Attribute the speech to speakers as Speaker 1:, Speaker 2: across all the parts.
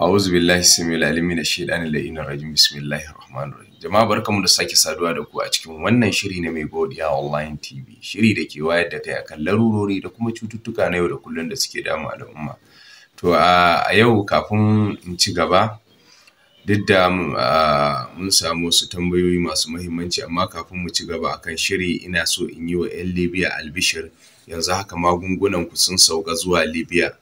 Speaker 1: A'udhu billahi samil alimi na shaidanin la'inar rajim bismillahir rahmanir rahim. Jama'a barkamu da sake saduwa da ku a cikin wannan shiri na mai godiya online TV. Shiri da ke wayar da kai akan larurori da kuma cututtuka na yau da kullun da suke damu al'umma. To a yau kafin in ci gaba duk da mun samu wasu tambayoyi masu mahimmanci amma kafin mu ci gaba akan shiri ina so in yi wa 'yan libya albishir yanzu haka magungunan ku sun sauka zuwa libya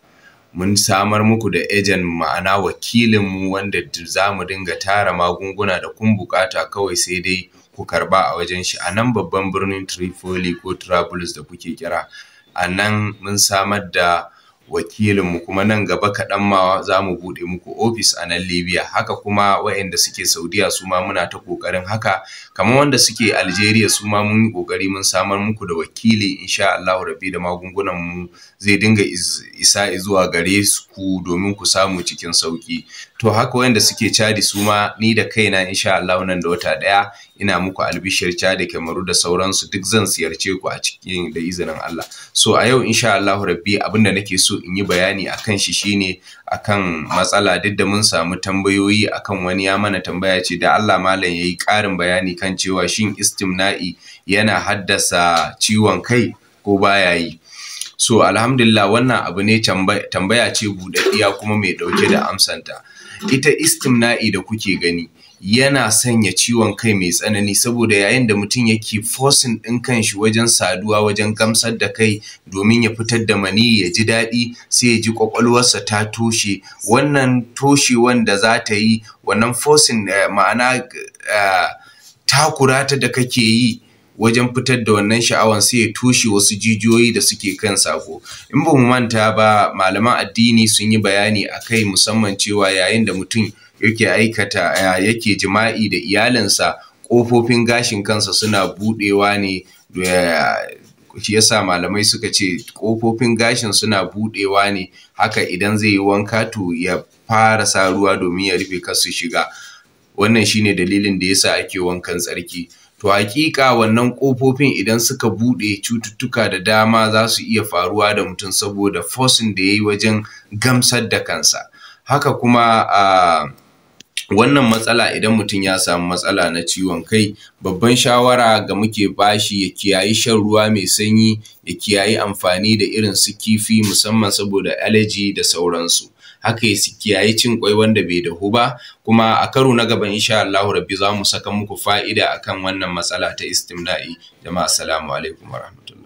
Speaker 1: mun samar muku da ejen ma'ana wakilin mu wanda za mu dinga tara magunguna da kun bukata kawai sai dai ku karba a wajen shi a nan babban birnin Tripoli ko trabulus da kuke kira a nan mun samar da wakilinmu kuma nan gaba kaɗan ma za mu buɗe muku ofis a nan libya haka kuma waɗanda suke saudiya su ma muna ta ƙoƙarin haka kamar wanda suke algeria su ma mun yi ƙoƙari mun samar muku da wakili insha allahu rabbi da magungunan mu zai dinga isa zuwa gare ku domin ku samu cikin sauki to haka waɗanda suke cadi su ma ni da kaina insha allahu nan da wata ɗaya ina muku albishir ca da kyamaru da sauransu duk zan ziyarce ku a cikin da izinin Allah so a yau insha Allah rabbi abin da nake so in yi bayani akan shi shine akan matsala duk da mun samu tambayoyi akan wani ya mana tambaya ce da Allah malam yayi ƙarin bayani kan cewa shin istimna'i yana haddasa ciwon kai ko baya yi so alhamdulillah wannan abu ne tambaya ce buɗaɗɗiya kuma mai ɗauke da amsanta ita istimna'i da kuke gani yana sanya ciwon kai mai tsanani saboda yayin da mutum yake forcing ɗin kanshi wajen saduwa wajen gamsar da kai domin ya fitar da mani ya ji daɗi sai ya ji kwakwalwarsa ta toshe wannan toshewan da za ta yi wannan forcing eh, ma'ana eh, takura ta da kake yi wajen fitar da wannan sha'awan sai ya toshe wasu jijiyoyi da suke kan sako in ba mu manta ba malaman addini sun yi bayani akai musamman cewa yayin da mutum yake aikata yake jima'i da iyalinsa ƙofofin gashin kansa suna buɗewa ne shi yasa malamai suka ce ƙofofin gashin suna buɗewa ne haka idan zai yi wanka to ya fara sa ruwa domin ya rufe kansu shiga wannan shine dalilin da yasa ake wankan tsarki to hakika wannan ƙofofin idan suka buɗe cututtuka da dama za su iya faruwa da mutum saboda forcing da ya yi wajen gamsar da kansa haka kuma ah, wannan matsala idan mutum ya samu matsala na ciwon kai babban shawara ga muke ba shi ya kiyayi shan ruwa mai sanyi ya kiyayi amfani da irin su kifi musamman saboda allergy da sauransu haka ya kiyayi cin kwai wanda bai dahu ba kuma a karo na gaba insha Allah rabbi za mu saka muku fa'ida akan wannan matsala ta istimna'i jama'a assalamu alaikum wa warahmatullahi